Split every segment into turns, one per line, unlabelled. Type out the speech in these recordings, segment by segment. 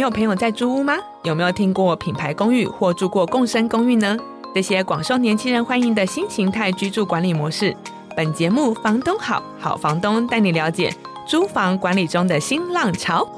你有朋友在租屋嗎？有沒有聽過品牌公寓或住過共生公寓呢？這些廣受年輕人歡迎的新形態居住管理模式，本節目房東好好房東帶你了解租房管理中的新浪潮。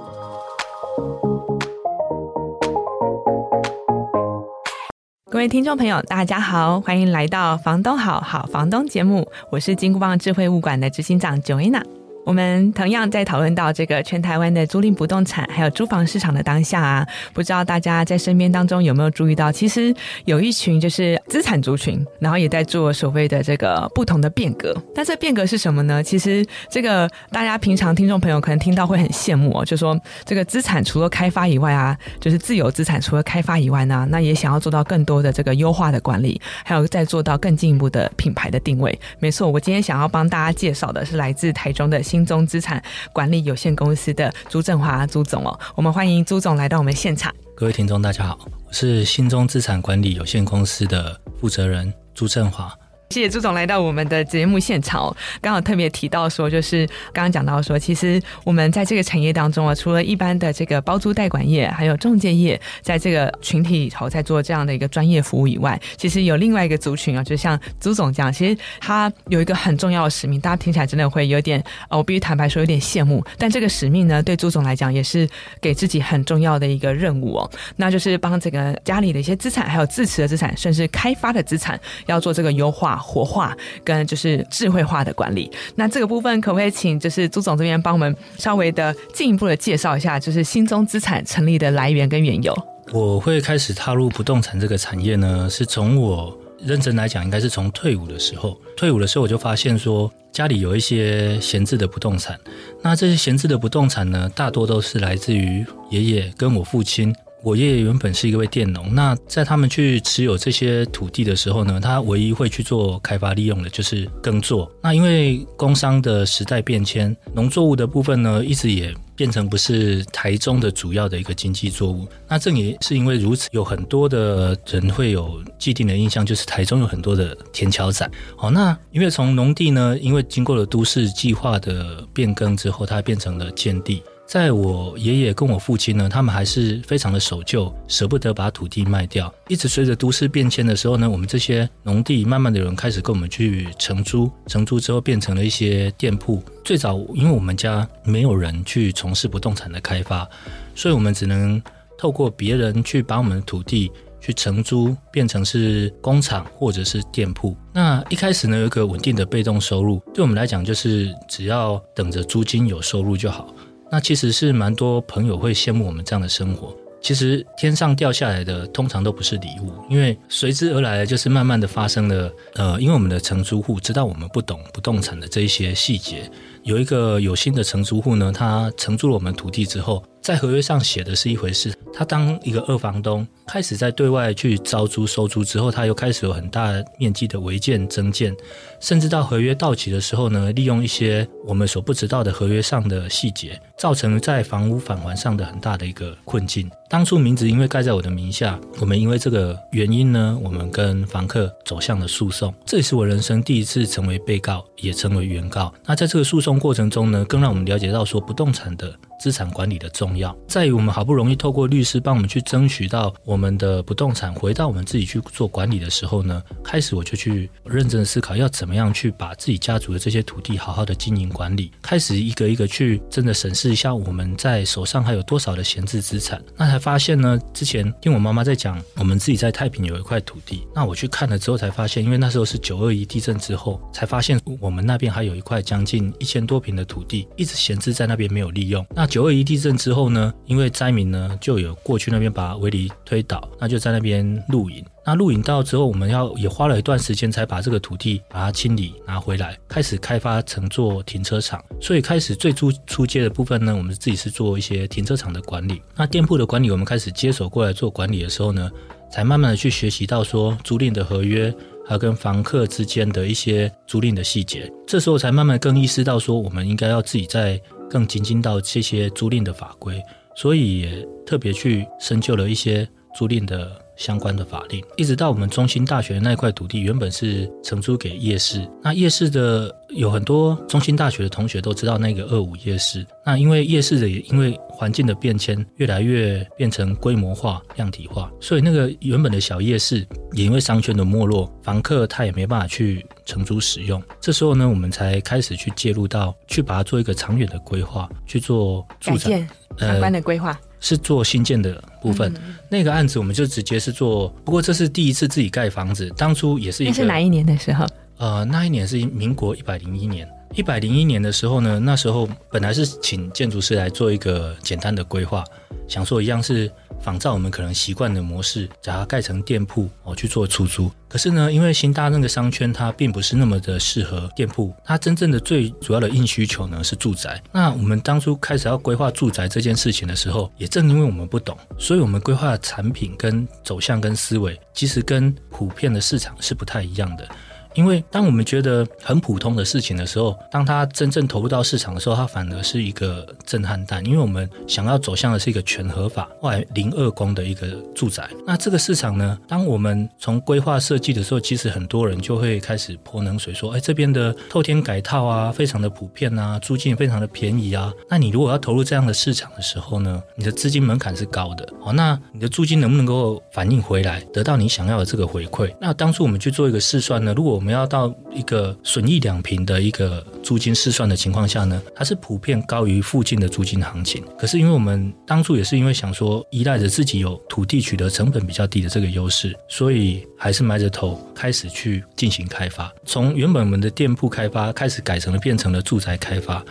各位聽眾朋友，大家好，歡迎來到房東好好房東節目，我是金箍棒智慧物管的執行長 Joanna。我們同樣在討論到這個全台灣的租賃不動產還有租房市場的當下啊，不知道大家在身邊當中有沒有注意到，其實有一群就是資產族群，然後也在做所謂的這個不同的變革。那這變革是什麼呢？其實這個大家平常聽眾朋友可能聽到會很羨慕哦，就說這個資產除了開發以外啊，就是自有資產除了開發以外呢、啊，那也想要做到更多的這個優化的管理，還有再做到更進一步的品牌的定位。沒錯，我今天想要幫大家介紹的是來自台中的。興中資產管理有限公司的朱振華朱總哦、喔，我們歡迎朱總來到我們現場。
各位聽眾，大家好，我是興中資產管理有限公司的負責人朱振華。
謝謝朱總來到我們的節目現場哦，剛好特別提到說，就是剛剛講到說，其實我們在這個產業當中啊，除了一般的這個包租代管業，還有仲介業，在這個群體裡頭在做這樣的一個專業服務以外，其實有另外一個族群啊，就像朱總這樣，其實他有一個很重要的使命，大家聽起來真的會有點，我必須坦白說，有點羨慕，但這個使命呢，對朱總來講也是給自己很重要的一個任務哦，那就是幫這個家裡的一些資產，還有自持的資產，甚至開發的資產，要做這個優化。活化跟就是智慧化的管理，那這個部分可不可以請就是朱總這邊幫我們稍微的進一步的介紹一下，就是興中資產成立的來源跟緣由？
我會開始踏入不動產這個產業呢，是從我認真來講，應該是從退伍的時候。退伍的時候我就發現說，家裡有一些閒置的不動產。那這些閒置的不動產呢，大多都是來自於爺爺跟我父親。我爺爺原本是一位佃農，那在他們去持有這些土地的時候呢，他唯一會去做開發利用的，就是耕作。那因為工商的時代變遷，農作物的部分呢，一直也變成不是台中的主要的一個經濟作物。那這也是因為如此，有很多的人會有既定的印象，就是台中有很多的田僑仔。好，那因為從農地呢，因為經過了都市計劃的變更之後，它變成了建地。在我爺爺跟我父親呢，他們還是非常的守舊，捨不得把土地賣掉。一直隨着都市變遷的時候呢，我們這些農地慢慢的人開始跟我們去承租，承租之後變成了一些店鋪。最早，因為我們家沒有人去從事不動產的開發，所以我們只能透過別人去把我們的土地去承租，變成是工廠或者是店鋪。那一開始呢，有一個穩定的被動收入，對我們來講就是只要等着租金有收入就好。那其實是蠻多朋友會羨慕我們這樣的生活。其實天上掉下來的通常都不是禮物，因為隨之而來就是慢慢的發生了。呃，因為我們的承租戶知道我們不懂不動產的這一些細節，有一個有心的承租戶呢，他承租了我們土地之後，在合約上寫的是一回事，他當一個二房東，開始在對外去招租收租之後，他又開始有很大面積的違建增建，甚至到合約到期的時候呢，利用一些我們所不知道的合約上的細節，造成在房屋返還上的很大的一個困境。當初名字因為蓋在我的名下，我們因為這個原因呢，我們跟房客走向了訴訟，這也是我人生第一次成為被告，也成為原告。那在這個訴訟過程中呢，更讓我們了解到說不動產的。資產管理的重要，在於我們好不容易透過律師幫我們去爭取到我們的不動產，回到我們自己去做管理的時候呢，開始我就去認真思考要怎麼樣去把自己家族的這些土地好好的經營管理，開始一個一個去真的審視一下我們在手上還有多少的閒置資產。那才發現呢，之前聽我媽媽在講，我們自己在太平有一塊土地，那我去看了之後才發現，因為那時候是九二一地震之後，才發現我們那邊還有一塊將近一千多坪的土地一直閒置在那邊沒有利用，那。九二一地震之後呢，因為災民呢就有過去那邊把圍籬推倒，那就在那邊露營。那露營到之後，我們要也花了一段時間才把這個土地把它清理拿回來，開始開發成做停車場。所以開始最初出借的部分呢，我們自己是做一些停車場的管理。那店鋪的管理，我們開始接手過來做管理的時候呢，才慢慢的去學習到說租賃的合約，還有跟房客之間的一些租賃的細節。這時候才慢慢更意識到說，我們應該要自己在。更精進到這些租賃的法規，所以也特別去深究了一些租賃的。相關的法令，一直到我們中心大學的那一塊土地，原本是承租給夜市。那夜市的有很多中心大學的同學都知道那個二五夜市。那因為夜市的也因為環境的變遷，越來越變成規模化、量體化，所以那個原本的小夜市也因為商圈的沒落，房客他也沒辦法去承租使用。這時候呢，我們才開始去介入到，去把它做一個長遠的規劃，去做住宅、呃、相關的規劃。是做新建的部分、嗯，那個案子我們就直接是做。不過這是第一次自己蓋房子，當初也是一。那是哪一年的時候？呃，那一年是民國一百零一年。一百零一年的時候呢，那時候本來是請建築師來做一個簡單的規劃，想說一樣是。仿照我們可能習慣的模式，把它蓋成店鋪哦，去做出租。可是呢，因為新大那個商圈它並不是那麼的適合店鋪，它真正的最主要的硬需求呢是住宅。那我們當初開始要規劃住宅這件事情的時候，也正因為我們不懂，所以我們規劃的產品跟走向跟思維，其實跟普遍的市場是不太一樣的。因為當我們覺得很普通的事情的時候，當他真正投入到市場的時候，他反而是一個震撼彈。因為我們想要走向的是一個全合法、外零二公的一個住宅。那這個市場呢？當我們從規劃設計的時候，其實很多人就會開始潑冷水，說：“哎，這邊的透天改套啊，非常的普遍啊，租金也非常的便宜啊。”那你如果要投入這樣的市場的時候呢，你的資金門檻是高的。好，那你的租金能不能夠反應回來，得到你想要的這個回饋？那當初我們去做一個試算呢，如果我們要到一個損益兩平的一個租金試算的情況下呢，它是普遍高於附近的租金行情。可是因為我們當初也是因為想說依賴着自己有土地取得成本比較低的這個優勢，所以還是埋着頭開始去進行開發。從原本我們的店鋪開發開始改成了變成了住宅開發。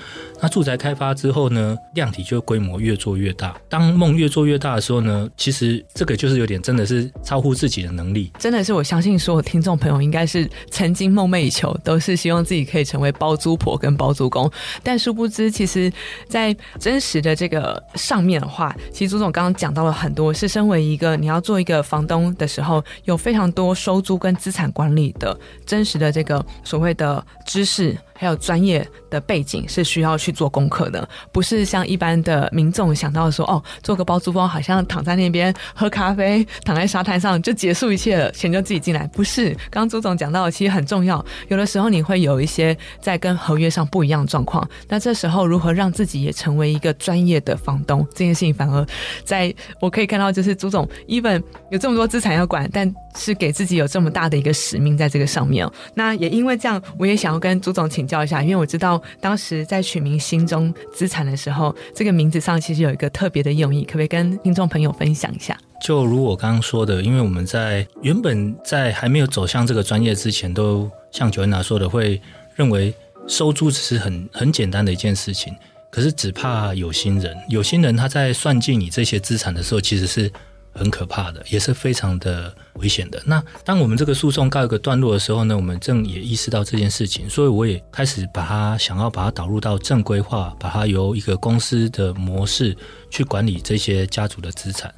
那住宅開發之後呢，量體就規模越做越大。當夢越做越大的時候呢，其實這個就是有點真的是
超乎自己的能力。真的是我相信，所有聽眾朋友應該是曾經夢寐以求，都是希望自己可以成為包租婆跟包租公。但殊不知，其實在真實的這個上面的話，其實朱總剛剛講到了很多，是身為一個你要做一個房東的時候，有非常多收租跟資產管理的真實的這個所謂的知識。還有專業的背景是需要去做功課的，不是像一般的民眾想到說，哦，做個包租公，好像躺在那邊喝咖啡，躺在沙灘上就結束一切了，錢就自己進來。不是，剛剛朱總講到的，其實很重要，有的時候你會有一些在跟合約上不一樣的狀況，那這時候如何讓自己也成為一個專業的房東，這件事情反而在我可以看到，就是朱總，even 有這麼多資產要管，但。是給自己有這麼大的一個使命在這個上面哦，那也因為這樣，我也想要跟朱總請教一下，因為我知道當時在取名“興中資產”的時候，這個名字上其實有一個特別的用意，可不可以跟聽眾朋友分享一下？
就如我剛剛說的，因為我們在原本在還沒有走向這個專業之前，都像 Joanna 說的，會認為收租只是很很簡單的一件事情，可是只怕有心人，有心人他在算計你這些資產的時候，其實是。很可怕的，也是非常的危險的。那當我們這個訴訟告一個段落的時候呢，我們正也意識到這件事情，所以我也開始把它想要把它導入到正規化，把它由一個公司的模式去管理這些家族的資產。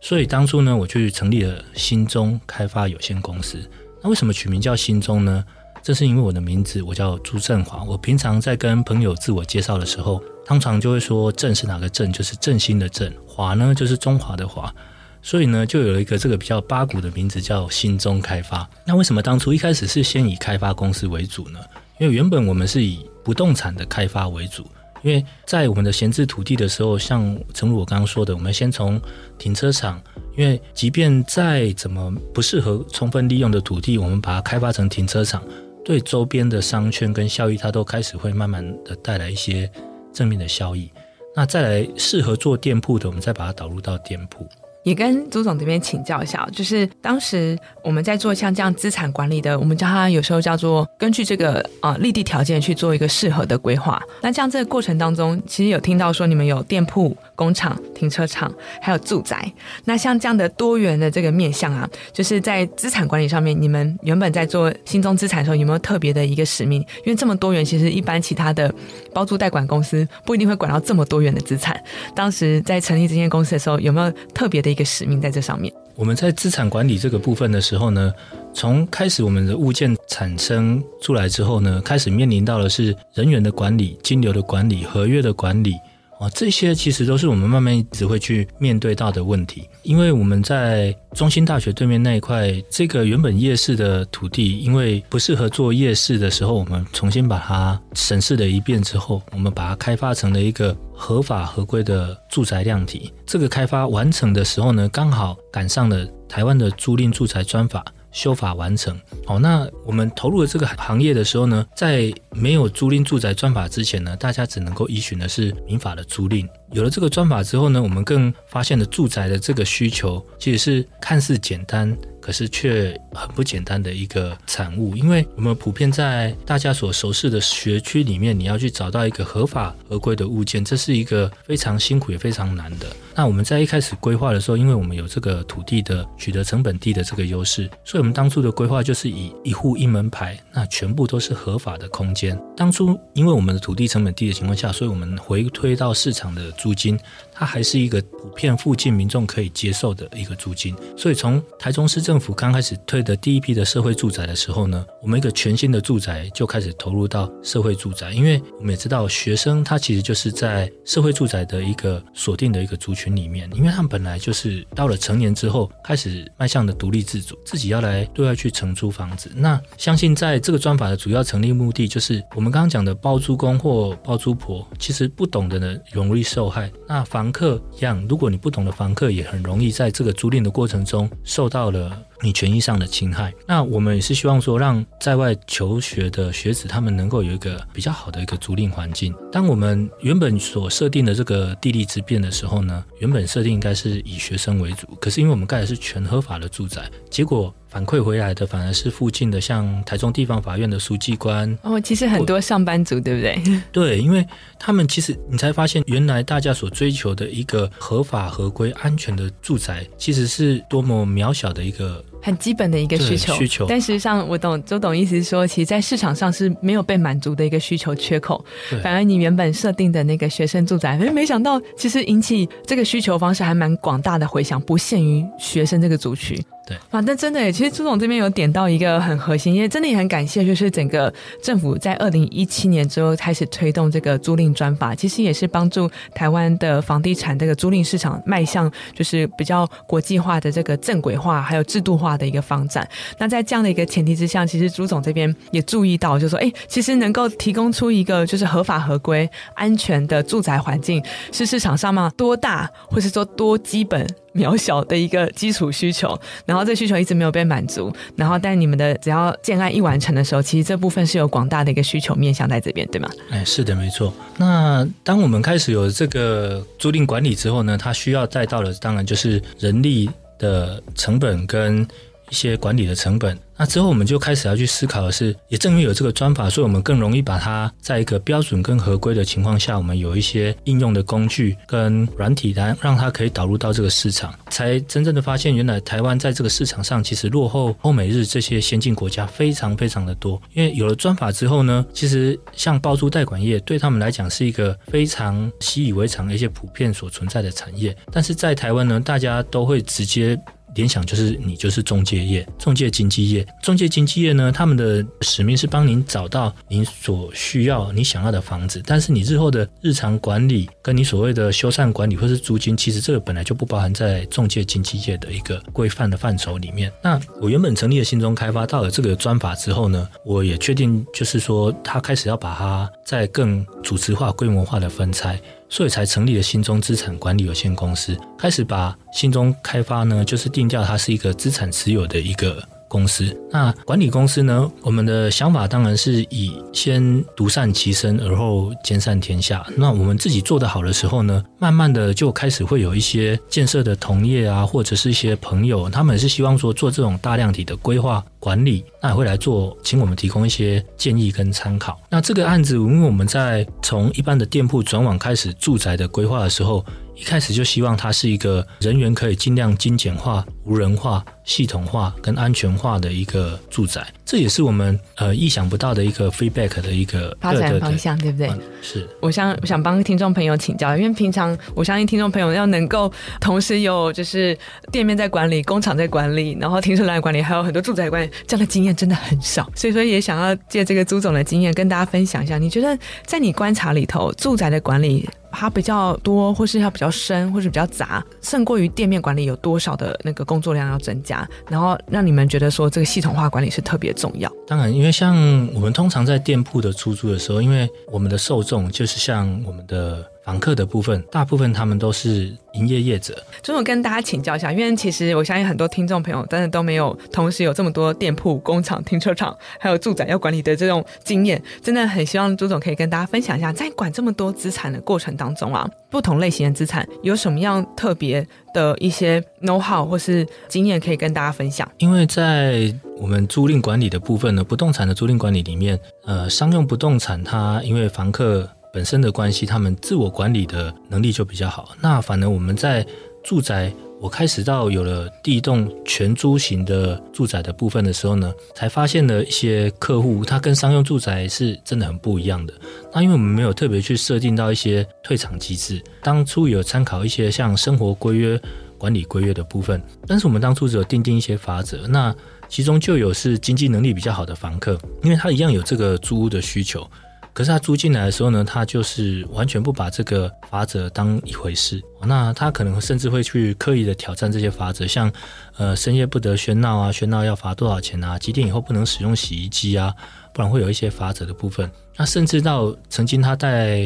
所以當初呢，我就成立了興中開發有限公司。那為什麼取名叫興中呢？正是因為我的名字，我叫朱振華。我平常在跟朋友自我介紹的時候，通常就會說“振”是哪個“振”，就是振興的正“振”；“華”呢，就是中華的華“華”。所以呢，就有一個這個比較八股的名字，叫興中開發。那為什麼當初一開始是先以開發公司為主呢？因為原本我們是以不動產的開發為主，因為在我們的閒置土地的時候，像正如我剛剛說的，我們先從停車場，因為即便再怎麼不適合充分利用的土地，我們把它開發成停車場，對周邊的商圈跟效益，它都開始會慢慢的帶來一些正面的效益。那再來適合做店鋪的，我們再把它導入到店鋪。
也跟朱總這邊請教一下，就是當時我們在做像這樣資產管理的，我們叫它有時候叫做根據這個啊、呃、立地條件去做一個適合的規劃。那這樣這個過程當中，其實有聽到說你們有店鋪、工廠、停車場，還有住宅。那像這樣的多元的這個面向啊，就是在資產管理上面，你們原本在做興中資產的時候，有沒有特別的一個使命？因為這麼多元，其實一般其他的包租代管公司不一定會管到這麼多元的資產。當時在成立這間公司的時候，有沒有特別的？一個使命在這上面。我們在資
產管理這個部分的時候呢，從開始我們的物件產生出來之後呢，開始面臨到的是人員的管理、金流的管理、合約的管理。啊、哦，這些其實都是我們慢慢一直會去面對到的問題，因為我們在中興大學對面那一塊這個原本夜市的土地，因為不適合做夜市的時候，我們重新把它審視了一遍之後，我們把它開發成了一個合法合規的住宅量體。這個開發完成的時候呢，剛好趕上了台灣的租賃住宅專法。修法完成，好，那我們投入了這個行業的時候呢，在沒有租賃住宅專法之前呢，大家只能夠依循的是民法的租賃。有了這個專法之後呢，我們更發現了住宅的這個需求其實是看似簡單，可是卻很不簡單的一個產物。因為我們普遍在大家所熟識的學區裡面，你要去找到一個合法合規的物件，這是一個非常辛苦也非常難的。那我們在一開始規劃的時候，因為我們有這個土地的取得成本低的這個優勢，所以我們當初的規劃就是以一戶一門牌，那全部都是合法的空間。當初因為我們的土地成本低的情況下，所以我們回推到市場的。租金。它還是一個普遍，附近民眾可以接受的一個租金，所以從台中市政府剛開始推的第一批的社會住宅的時候呢，我們一個全新的住宅就開始投入到社會住宅，因為我們也知道學生他其實就是在社會住宅的一個鎖定的一個族群裡面，因為他們本來就是到了成年之後開始邁向的獨立自主，自己要來對外去承租房子。那相信在這個專法的主要成立目的就是我們剛剛講的包租公或包租婆，其實不懂的呢，容易受害。那房客、嗯、樣，如果你不懂的房客，也很容易在這個租賃的過程中受到了，你權益上的侵害，那我們也是希望說，讓在外求學的學子他們能夠有一個比較好的一個租賃環境。當我們原本所設定的這個地利之便的時候呢，原本設定應該是以學生為主，可是因為我們蓋的是全合法的住宅，結果反饋回來的反而是附近的像台中地方法院的書記官
哦，其實很多上班
族對不對？對，因為他們其實你才發現，原來大家所追求的一個合法合規、安全的住宅，其實是多麼渺小的一個。
很基本的一個需求、需求，但事實上，我懂朱總意思是說，說其實在市場上是沒有被滿足的一個需求缺口。反而你原本設定的那個學生住宅，誒，沒想到其實引起這個需求方式還蠻廣大的回響，不限於學生這個族群。對，反、啊、正真的，其實朱總這邊有點到一個很核心，因為真的也很感謝，就是整個政府在二零一七年之後開始推動這個租賃專法，其實也是幫助台灣的房地產這個租賃市場邁向就是比較國際化的這個正規化還有制度化的一個發展。那在這樣的一個前提之下，其實朱總這邊也注意到，就是說，哎，其實能夠提供出一個就是合法合規、安全的住宅環境，是市場上嗎？多大，或是說多基本？嗯渺小的一個基礎需求，然後這需求一直沒有被滿足，然後但你們的只要建案一完成的時候，其實這部分是有廣大的一個需求面向在這邊，對嗎？
哎，是的，沒錯。那當我們開始有這個租賃管理之後呢，它需要帶到的當然就是人力的成本跟。一些管理的成本，那之後我們就開始要去思考的是，也正因為有這個專法，所以我們更容易把它在一個標準跟合規的情況下，我們有一些應用的工具跟軟體單，讓它可以導入到這個市場，才真正的發現原來台灣在這個市場上其實落後歐美日這些先進國家非常非常的多。因為有了專法之後呢，其實像包租代管業對他們來講是一個非常習以為常的一些普遍所存在的產業，但是在台灣呢，大家都會直接。聯想就是你就是中介業，中介經紀業，中介經紀業呢，他們的使命是幫您找到您所需要、你想要的房子，但是你日後的日常管理跟你所謂的修繕管理或是租金，其實這個本來就不包含在中介經紀業的一個規範的範疇裡面。那我原本成立的興中開發到了這個專法之後呢，我也確定就是說，他開始要把它再更組織化、規模化的分拆。所以才成立了興中資產管理有限公司，開始把興中開發呢，就是定調它是一個資產持有的一個。公司，那管理公司呢，我們的想法當然是以先獨善其身，而後兼善天下。那我們自己做得好的時候呢，慢慢的就開始會有一些建設的同業啊，或者是一些朋友，他們是希望說做這種大量體的規劃管理，那也會來做，請我們提供一些建議跟參考。那這個案子，因為我們在從一般的店鋪轉往開始住宅的規劃的時候。一開始就希望它是一個人員可以盡量精簡化、無人化、系統化跟安全化的一個住宅，這也是我們呃意想不到的一個 feedback 的一個發展方向，對不對？嗯、是，
我想我想幫聽眾朋友請教，因為平常我相信聽眾朋友要能夠同時有就是店面在管理、工廠在管理、然後停車場管理，還有很多住宅管理這樣的經驗真的很少，所以說也想要借這個朱總的經驗跟大家分享一下。你覺得在你觀察裡頭，住宅的管理，它比較多，或是它比較深，或是比較雜，勝過於店面管理有多少的那個工作量要增加，然後讓你們覺得說這個系統化管理是特別重要。
當然，因為像我們通常在店鋪的出租的時候，因為我們的受眾就是像我們的。房客的部分，大部分他們都是營業業者。
朱總跟大家請教一下，因為其實我相信很多聽眾朋友，真的都沒有同時有這麼多店鋪、工廠、停車場，還有住宅要管理的這種經驗。真的很希望朱總可以跟大家分享一下，在管這麼多資產的過程當中啊，不同類型的資產有什麼樣特別的一些 know-how 或是經驗可以跟大家分享。
因為在我們租賃管理的部分呢，不動產的租賃管理裡面，呃，商用不動產它因為房客本身的關係，他們自我管理的能力就比較好。那反而我們在住宅，我開始到有了第一棟全租型的住宅的部分的時候呢，才發現了一些客戶，他跟商用住宅是真的很不一樣的。那因為我們沒有特別去設定到一些退場機制，當初有參考一些像生活規約、管理規約的部分，但是我們當初只有訂定一些法則，那其中就有是經濟能力比較好的房客，因為他一樣有這個租屋的需求。可是他租進來的時候呢，他就是完全不把這個罰則當一回事。那他可能甚至會去刻意的挑戰這些罰則，像呃深夜不得喧鬧啊，喧鬧要罰多少錢啊？幾點以後不能使用洗衣機啊？不然會有一些罰則的部分。那甚至到曾經他帶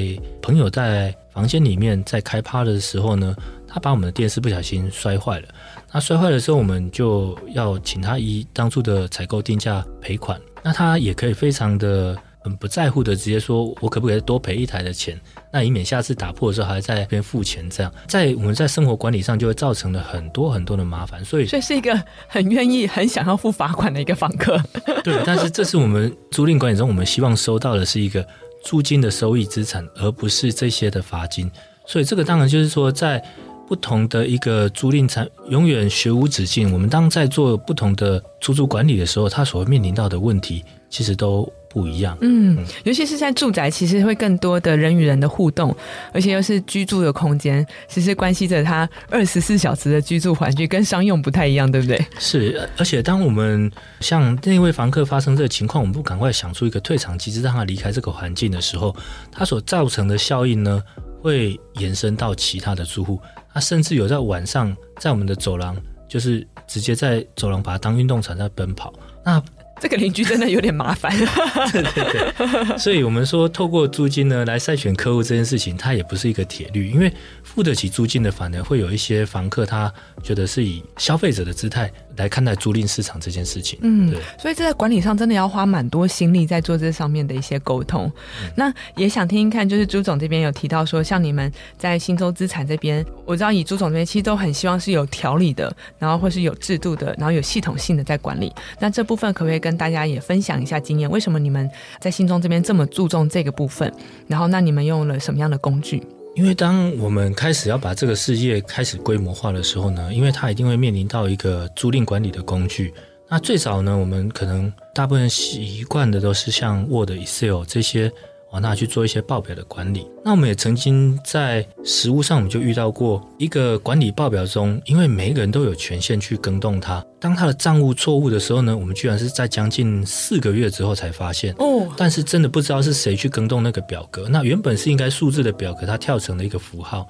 朋友在房間裡面在開趴的時候呢，他把我們的電視不小心摔壞了。那摔壞的時候，我們就要請他以當初的採購定價賠款。那他也可以非常的，很不在乎的，直接說，我可不可以多賠一台的錢？那以免下次打破的時候還在那邊付錢這樣，在我們在生活管理上就會造成了很多很多的麻煩，所以所
以是一個很願意、很想要付罰款的一個房客。
對，但是這是我們租賃管理中我們希望收到的是一個租金的收益資產，而不是這些的罰金。所以這個當然就是說，在不同的一個租賃產，永遠學無止境。我們當在做不同的出租管理的時候，它所面臨到的問題。其實都不一樣，
嗯，嗯，尤其是在住宅，其實會更多的人與人的互動，而且又是居住的空間，其實，實關係着他二十四小時的居住環境，跟商用不太一樣，對不對？是，
而且當我們像那位房客發生這個情況，我們不趕快想出一個退場機制，讓他離開這個環境的時候，他所造成的效應呢，會延伸到其他的住戶，他甚至有在晚上在我們的走廊，就是直接在走廊把它當運動場在奔跑，
那。這個鄰居真的有點麻煩， 對對對、對。
所以我們說，透過租金呢來篩選客戶這件事情，它也不是一個鐵律，因為付得起租金的，反而會有一些房客，他覺得是以消費者的姿態。來看待租賃市場這件事情，嗯，
對，所以這在管理上真的要花蠻多心力在做這上面的一些溝通。嗯、那也想聽聽看，就是朱總這邊有提到說，像你們在興中資產這邊，我知道以朱總這邊其實都很希望是有條理的，然後或是有制度的，然後有系統性的在管理。那這部分可不可以跟大家也分享一下經驗？為什麼你們在興中這邊這麼注重這個部分？然後那你們用了什麼樣的工具？因為當
我們開始要把這個事業開始規模化的時候呢，因為它一定會面臨到一個租賃管理的工具。那最早呢，我們可能大部分習慣的都是像 Word、e、Excel 這些。啊，那去做一些報表的管理。那我們也曾經在實務上，我們就遇到過一個管理報表中，因為每一個人都有權限去更動它。當他的賬務錯誤的時候呢，我們居然是在將近四個月之後才發現。哦，但是真的不知道是誰去更動那個表格。那原本是應該數字的表格，它跳成了一個符號，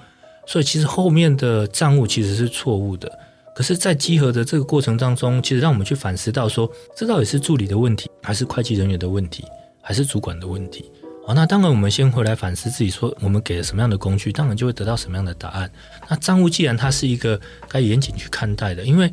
所以其實後面的賬務其實是錯誤的。可是，在稽核的這個過程當中，其實讓我們去反思到說，這到底是助理的問題，還是會計人員的問題，還是主管的問題？哦，那當然，我們先回來反思自己，說我們給了什麼樣的工具，當然就會得到什麼樣的答案。那賬務既然它是一個該嚴謹去看待的，因為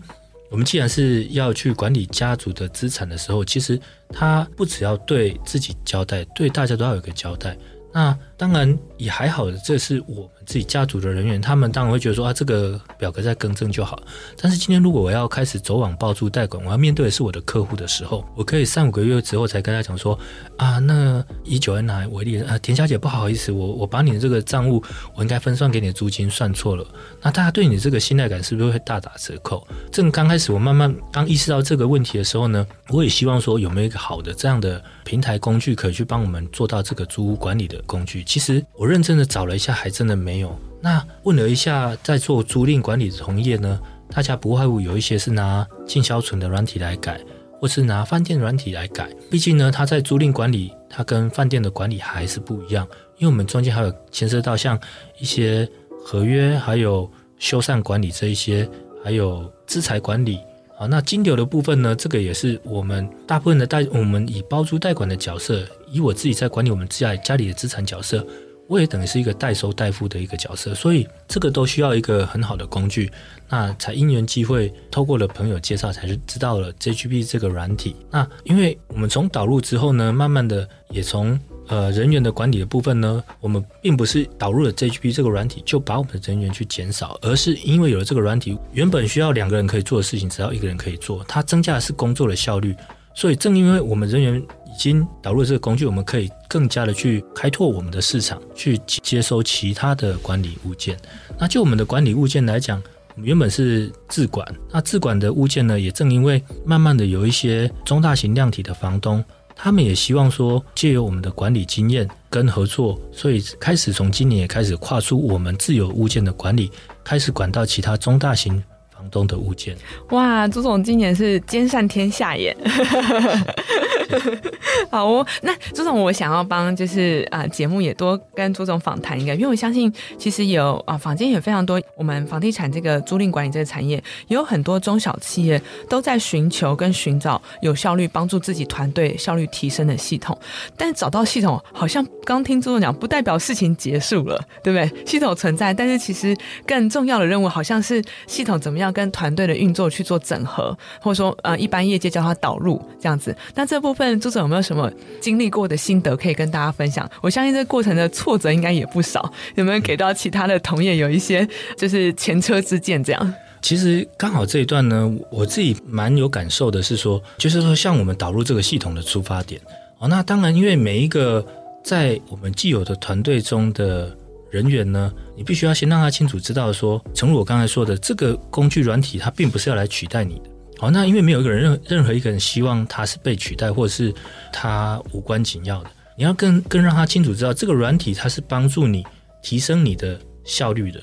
我們既然是要去管理家族的資產的時候，其實它不只要對自己交代，對大家都要有一個交代。那當然也還好的，這是我。自己家族的人員，他們當然會覺得說啊，這個表格再更正就好。但是今天如果我要開始走網包租代管，我要面對的是我的客戶的時候，我可以三五個月之後才跟他講說啊，那以九恩來為例，啊，田小姐不好意思，我我把你的這個賬務，我應該分算給你的租金算錯了。那大家對你這個信賴感是不是會大打折扣？正剛開始我慢慢剛意識到這個問題的時候呢，我也希望說有沒有一個好的這樣的平台工具可以去幫我們做到這個租屋管理的工具。其實我認真的找了一下，還真的沒。沒有，那問了一下，在做租賃管理的同業呢，大家不外乎有一些是拿進銷存的軟體來改，或是拿飯店軟體來改。畢竟呢，它在租賃管理，它跟飯店的管理還是不一樣，因為我們中間還有牽涉到像一些合約，還有修繕管理這一些，還有資產管理。好，那金流的部分呢，這個也是我們大部分的貸，我們以包租代管的角色，以我自己在管理我們自家家裡的資產角色，我也等於是一個代收代付的一個角色，所以這個都需要一個很好的工具。那才因緣機會，透過了朋友介紹，才是知道了 JGB 這個軟體。那因為我們從導入之後呢，慢慢的也從呃人員的管理的部分呢，我們並不是導入了 JGB 這個軟體就把我們的人員去減少，而是因為有了這個軟體，原本需要兩個人可以做的事情，只要一個人可以做，它增加的是工作的效率。所以正因為我們人員已經導入了這個工具，我們可以更加的去開拓我們的市場，去接收其他的管理物件。那就我們的管理物件來講，原本是自管，那自管的物件呢，也正因為慢慢的有一些中大型量體的房東，他們也希望說借由我們的管理經驗跟合作，所以開始從今年也開始跨出我們自有物件的管理，開始管到其他中大型東的物件
哇，朱總今年是兼善天下也 好哦。那朱總，我想要幫就是啊節、呃、目也多跟朱總訪談一個，因為我相信其實有啊、呃、坊間也非常多，我們房地產這個租賃管理這個產業，也有很多中小企業都在尋求跟尋找有效率幫助自己團隊效率提升的系統。但找到系統好像剛聽朱總講，不代表事情結束了，對不對？系統存在，但是其實更重要的任務好像是系統怎麼樣跟團隊的運作去做整合，或者說呃，一般業界叫它導入這樣子。那這部分朱總有沒有什麼經歷過的心得可以跟大家分享？我相信這過程的挫折應該也不少，有沒有給到其他的同業有一些就是前車之鑑？這樣。
其實剛好這一段呢，我自己蠻有感受的是說，就是說像我們導入這個系統的出發點哦，那當然因為每一個在我們既有的團隊中的。人員呢，你必須要先讓他清楚知道，說，誠如我剛才說的，這個工具軟體它並不是要來取代你的。好，那因為沒有一個人任任何一個人希望它是被取代，或者是它無關緊要的。你要更更讓他清楚知道，這個軟體它是幫助你提升你的效率的。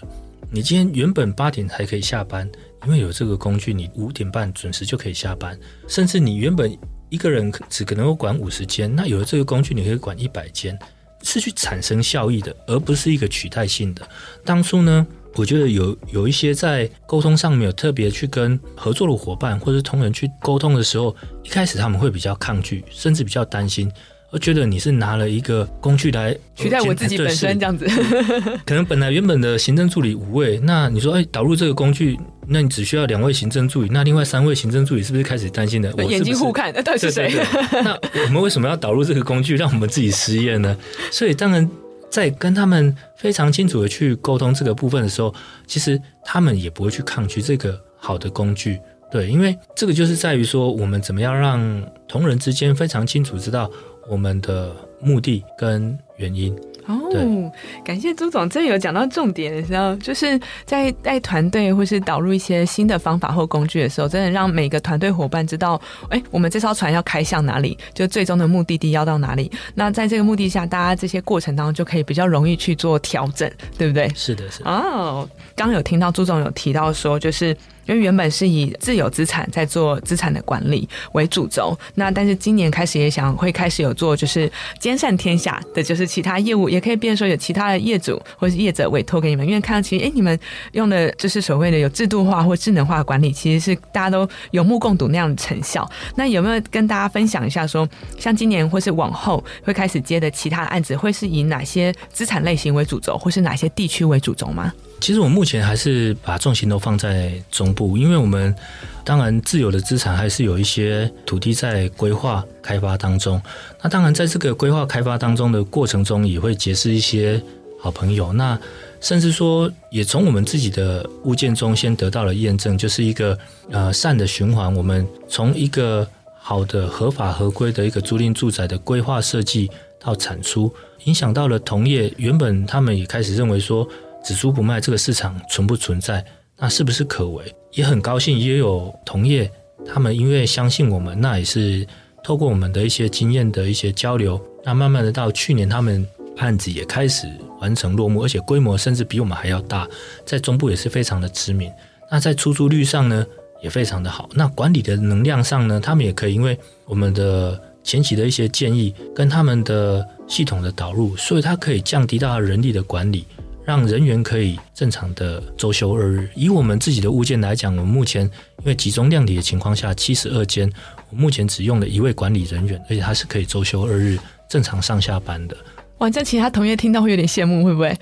你今天原本八點才可以下班，因為有這個工具，你五點半準時就可以下班。甚至你原本一個人只可能管五十間，那有了這個工具，你可以管一百間。是去產生效益的，而不是一個取代性的。當初呢，我覺得有有一些在溝通上沒有特別去跟合作的夥伴或者同仁去溝通的時候，一開始他們會比較抗拒，甚至比較擔心。我覺得你是拿了一個工具來取代我自己本身，哦、這樣
子，
可能本來原本的行政助理五位，那你說，欸、導入這個工具，那你只需要兩位行政助理，那另外三位行政助理是不是開始擔心的？我眼睛互
看到底是誰？對對
對對 那我們為什麼要導入這個工具，讓我們自己失業呢？ 所以當然在跟他們非常清楚的去溝通這個部分的時候，其實他們也不會去抗拒這個好的工具，對，因為這個就是在於說我們怎麼樣讓同仁之間非常清楚知道。我們的目的跟原因。
哦，感謝朱總，真有講到重點的時候，就是在帶團隊或是導入一些新的方法或工具的時候，真的讓每個團隊夥伴知道，哎，我們這艘船要開向哪裡，就最終的目的地要到哪裡。那在這個目的下，大家這些過程當中就可以比較容易去做調整，對不對？是的，是。哦，剛剛有聽到朱總有提到說，就是因為原本是以自有資產在做資產的管理為主軸，那但是今年開始也想會開始有做，就是兼善天下的，就是其他業務。也可以變成說有其他的業主或是業者委托給你們，因為看到其實誒、欸，你們用的就是所謂的有制度化或智能化管理，其實是大家都有目共睹那樣的成效。那有沒有跟大家分享一下說，像今年或是往後會開始接的其他的案子，會是以哪些資產類型為主軸，或是哪些地區為主軸嗎？
其實我目前還是把重心都放在中部，因為我們當然自有的資產還是有一些土地在規劃開發當中。那當然，在這個規劃開發當中的過程中，也會結識一些好朋友。那甚至說，也從我們自己的物件中先得到了驗證，就是一個呃善的循環。我們從一個好的合法合規的一個租賃住宅的規劃設計到產出，影響到了同業。原本他們也開始認為說，只租不賣，這個市場存不存在？那是不是可為？也很高興，也有同業他們因為相信我們，那也是透過我們的一些經驗的一些交流，那慢慢的到去年，他們案子也開始完成落幕，而且規模甚至比我們還要大，在中部也是非常的知名。那在出租率上呢，也非常的好。那管理的能量上呢，他們也可以，因為我們的前期的一些建議跟他們的系統的導入，所以它可以降低到人力的管理。讓人員可以正常的周休二日。以我們自己的物件來講，我們目前因為集中量體的情況下，七十二間，我目前只用了一位管理人員，而且他是可以周休二日正常上下班的。
哇，這其他同業聽到會有點羨慕，會不會？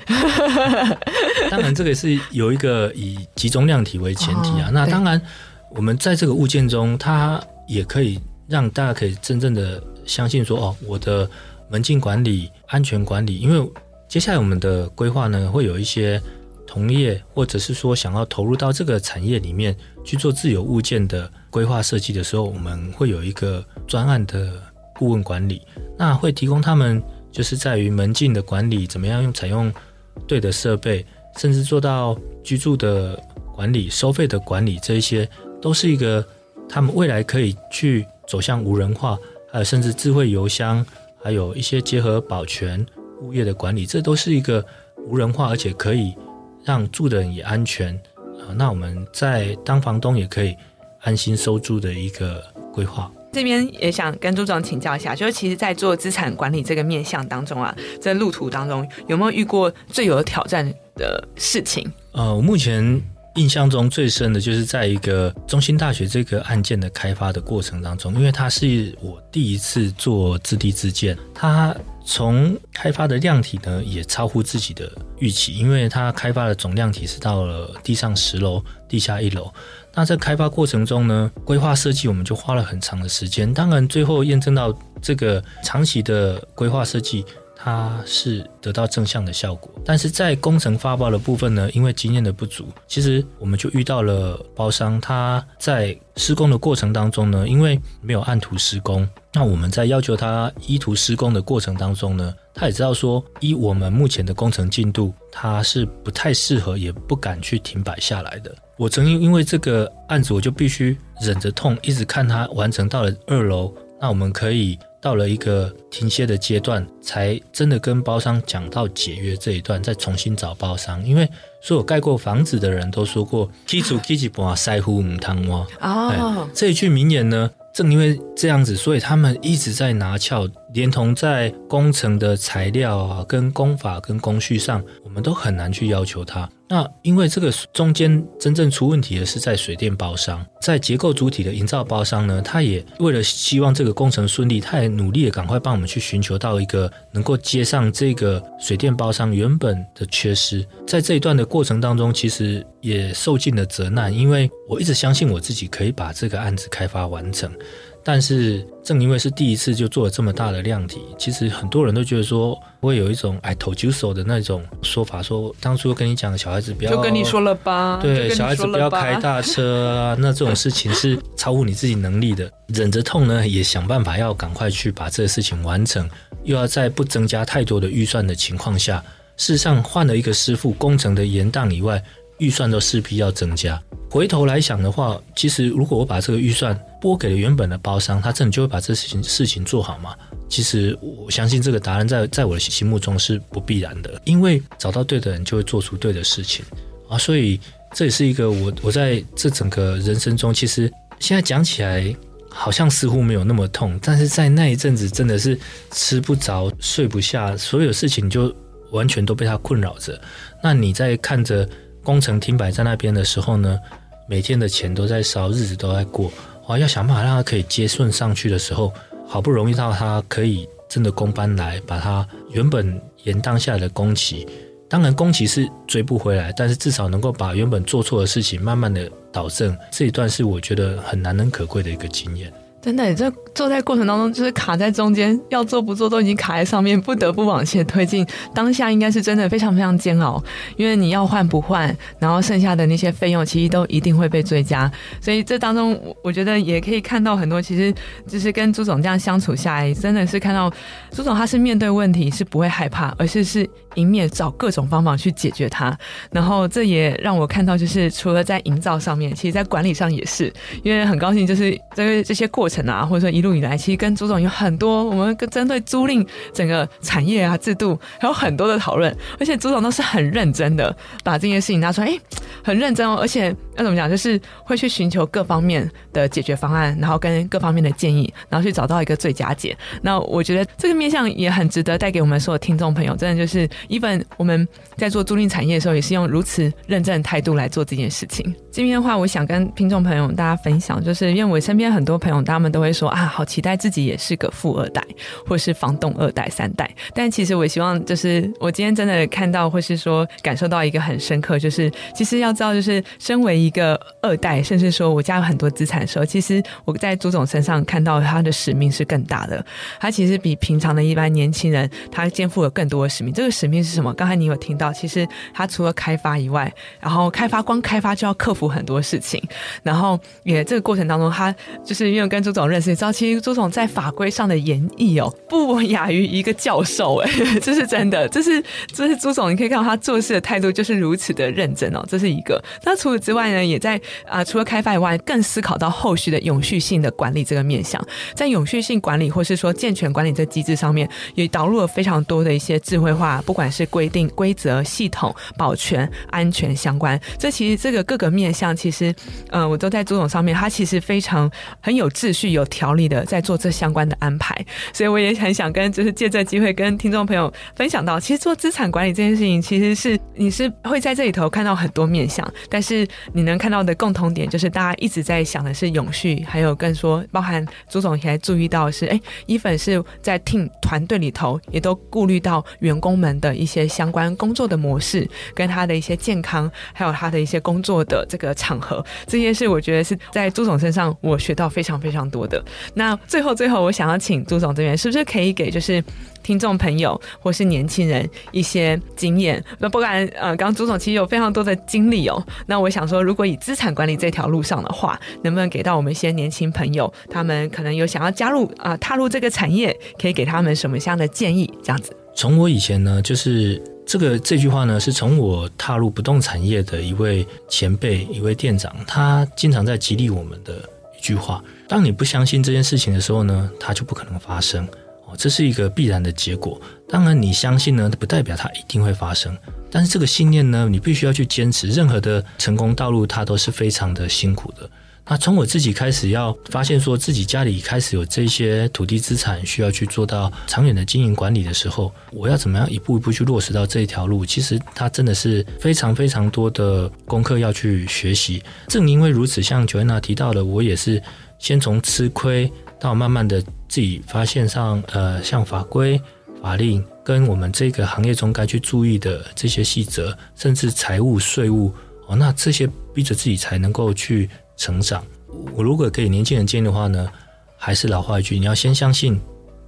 當然，這個是有一個以集中量體為前提啊。Oh, 那當然，我們在這個物件中，它也可以讓大家可以真正的相信說，哦，我的門禁管理、安全管理，因為。接下來我們的規劃呢，會有一些同業或者是說想要投入到這個產業裡面去做自有物件的規劃設計的時候，我們會有一個專案的顧問管理，那會提供他們就是在於門禁的管理，怎麼樣用採用對的設備，甚至做到居住的管理、收費的管理，這一些都是一個他們未來可以去走向無人化，還有甚至智慧郵箱，還有一些結合保全，物業的管理，這都是一個無人化，而且可以讓住的人也安全啊。那我們在當房東也可以安心收租的一個規劃。
這邊也想跟朱總請教一下，就是其實，在做資產管理這個面向當中啊，在路途當中有沒有遇過最有挑戰的事情？
呃，我目前印象中最深的就是在一個中興大學這個案件的開發的過程當中，因為它是我第一次做自地自建，它。從開發的量體呢，也超乎自己的預期，因為它開發的總量體是到了地上十樓、地下一樓。那在開發過程中呢，規劃設計我們就花了很長的時間。當然，最後驗證到這個長期的規劃設計，它是得到正向的效果。但是在工程發包的部分呢，因為經驗的不足，其實我們就遇到了包商他在施工的過程當中呢，因為沒有按圖施工。那我們在要求他依圖施工的過程當中呢，他也知道說依我們目前的工程進度，他是不太適合，也不敢去停擺下來的。我曾經因為這個案子，我就必須忍着痛，一直看他完成到了二樓。那我們可以。到了一個停歇的階段，才真的跟包商講到解約這一段，再重新找包商。因為所有蓋過房子的人都說過“起厝起一半，師傅毋通換”
oh.。哦，
這一句名言呢，正因為這樣子，所以他們一直在拿翹。連同在工程的材料啊、跟工法、跟工序上，我們都很難去要求它。那因為這個中間真正出問題的是在水電包商，在結構主體的營造包商呢，他也為了希望這個工程順利，他也努力的趕快幫我們去尋求到一個能夠接上這個水電包商原本的缺失。在這一段的過程當中，其實也受盡了責難，因為我一直相信我自己可以把這個案子開發完成。但是正因為是第一次就做了這麼大的量體，其實很多人都覺得說會有一種 I told you so 的那種說法，說當初跟你講，小孩子不要，就跟你說
了吧，對，小孩子不要開大
車啊，那這種事情是超乎你自己能力的。忍着痛呢，也想辦法要趕快去把這個事情完成，又要在不增加太多的預算的情況下，事實上換了一個師傅，工程的延宕以外，預算都勢必要增加。回頭來想的話，其實如果我把這個預算。撥給了原本的包商，他真的就會把這事情事情做好嘛？其實我相信這個答案在在我的心目中是不必然的，因為找到對的人就會做出對的事情啊，所以這也是一個我我在這整個人生中，其實現在講起來好像似乎沒有那麼痛，但是在那一陣子真的是吃不着，睡不下，所有事情就完全都被他困擾着。那你在看着工程停擺在那邊的時候呢，每天的錢都在燒，日子都在過。哇、哦，要想辦法讓他可以接順上去的時候，好不容易到他可以真的工班來，把他原本延宕下來的工期，當然工期是追不回來，但是至少能夠把原本做錯的事情慢慢的導正，這一段是我覺得很難能可貴的一個經驗。
真的，這做在過程當中就是卡在中間，要做不做都已經卡在上面，不得不往前推進。當下應該是真的非常非常煎熬，因為你要換不換，然後剩下的那些費用其實都一定會被追加。所以這當中，我我覺得也可以看到很多，其實就是跟朱總這樣相處下來，真的是看到朱總他是面對問題是不會害怕，而是是迎面找各種方法去解決它。然後這也讓我看到，就是除了在營造上面，其實，在管理上也是，因為很高興，就是這個這些過。程啊，或者說一路以來，其實跟朱總有很多我們針對租賃整個產業啊制度，還有很多的討論，而且朱總都是很認真的把這件事情拿出來，哎，很認真哦，而且要怎麼講，就是會去尋求各方面的解決方案，然後跟各方面的建議，然後去找到一個最佳解。那我覺得這個面向也很值得帶給我們所有聽眾朋友，真的就是 even 我們在做租賃產業的時候，也是用如此認真的態度來做這件事情。今天的話，我想跟聽眾朋友大家分享，就是因為我身邊很多朋友，大他們都會說啊，好期待自己也是個富二代，或者是房東二代、三代。但其實我希望，就是我今天真的看到，或是說感受到一個很深刻，就是其實要知道，就是身為一個二代，甚至說我家有很多資產的時候，其實我在朱總身上看到他的使命是更大的。他其實比平常的一般年輕人，他肩負了更多的使命。這個使命是什麼？剛才你有聽到，其實他除了開發以外，然後開發光開發就要克服很多事情，然後也這個過程當中，他就是因為跟朱總認識，你知道，其實朱總在法規上的演繹哦，不亞於一個教授哎、欸， 這是真的，這是這是朱總，你可以看到他做事的態度就是如此的認真哦、喔，這是一個。那除此之外呢，也在啊、呃，除了開發以外，更思考到後續的永續性的管理這個面向，在永續性管理或是說健全管理這機制上面，也導入了非常多的一些智慧化，不管是規定、規則、系統、保全、安全相關，這其實這個各個面向，其實呃我都在朱總上面，他其實非常很有智。具有條理的在做這相關的安排，所以我也很想跟就是借這機會跟聽眾朋友分享到，其實做資產管理這件事情，其實是你是會在這裡頭看到很多面向，但是你能看到的共同點就是大家一直在想的是永續，還有更說包含朱總也注意到是，哎、欸，一粉是在 team 團隊裡頭也都顧慮到員工們的一些相關工作的模式，跟他的一些健康，還有他的一些工作的這個場合，這些是我覺得是在朱總身上我學到非常非常多的那最後最後，我想要請朱總這邊，是不是可以給就是聽眾朋友或是年輕人一些經驗？那不管呃，剛朱總其實有非常多的經歷哦、喔。那我想說，如果以資產管理這條路上的話，能不能給到我們一些年輕朋友，他們可能有想要加入啊、呃，踏入這個產業，可以給他們什麼樣的建議？這樣子，
從我以前呢，就是這個這句話呢，是從我踏入不動產業的一位前輩，一位店長，他經常在激勵我們的。一句話，當你不相信這件事情的時候呢，它就不可能發生哦，這是一個必然的結果。當然，你相信呢，不代表它一定會發生。但是這個信念呢，你必須要去堅持。任何的成功道路，它都是非常的辛苦的。那從我自己開始要發現，說自己家裡開始有這些土地資產需要去做到長遠的經營管理的時候，我要怎麼樣一步一步去落實到這一條路？其實它真的是非常非常多的功課要去學習。正因為如此，像 Joanna 提到的，我也是先從吃虧到慢慢的自己發現上，呃，像法規、法令跟我們這個行業中該去注意的這些細則，甚至財務、稅務哦，那這些逼着自己才能夠去。成長，我如果給年輕人建議的話呢，還是老話一句：你要先相信，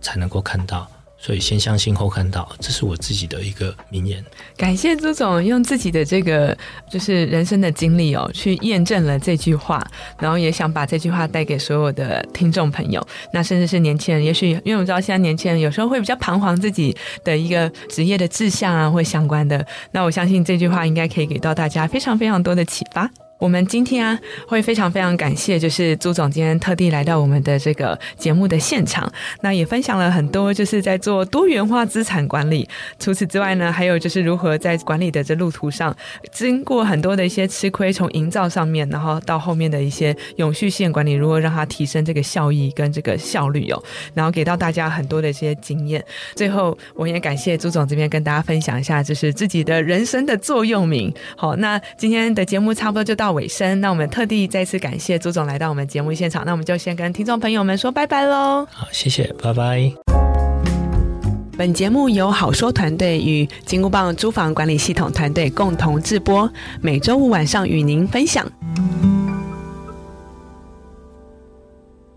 才能夠看到。所以先相信後看到，這是我自己的一個名言。
感謝朱總用自己的這個就是人生的經歷哦，去驗證了這句話，然後也想把這句話帶給所有的聽眾朋友，那甚至是年輕人，也許因為我知道現在年輕人有時候會比較彷徨自己的一個職業的志向啊，或相關的。那我相信這句話應該可以給到大家非常非常多的啟發。我們今天啊，會非常非常感謝，就是朱總今天特地來到我們的這個節目的現場，那也分享了很多，就是在做多元化資產管理。除此之外呢，還有就是如何在管理的這路途上，經過很多的一些吃虧，從營造上面，然後到後面的一些永續性管理，如何讓它提升這個效益跟這個效率哦，然後給到大家很多的一些經驗。最後，我也感謝朱總這邊跟大家分享一下，就是自己的人生的座右銘。好，那今天的節目差不多就到。尾聲，那我們特地再次感謝朱總來到我們節目現場，那我們就先跟聽眾朋友們說拜拜嘍。
好，謝謝，拜拜。
本節目由好說團隊與金箍棒租房管理系統團隊共同製播，每周五晚上與您分享。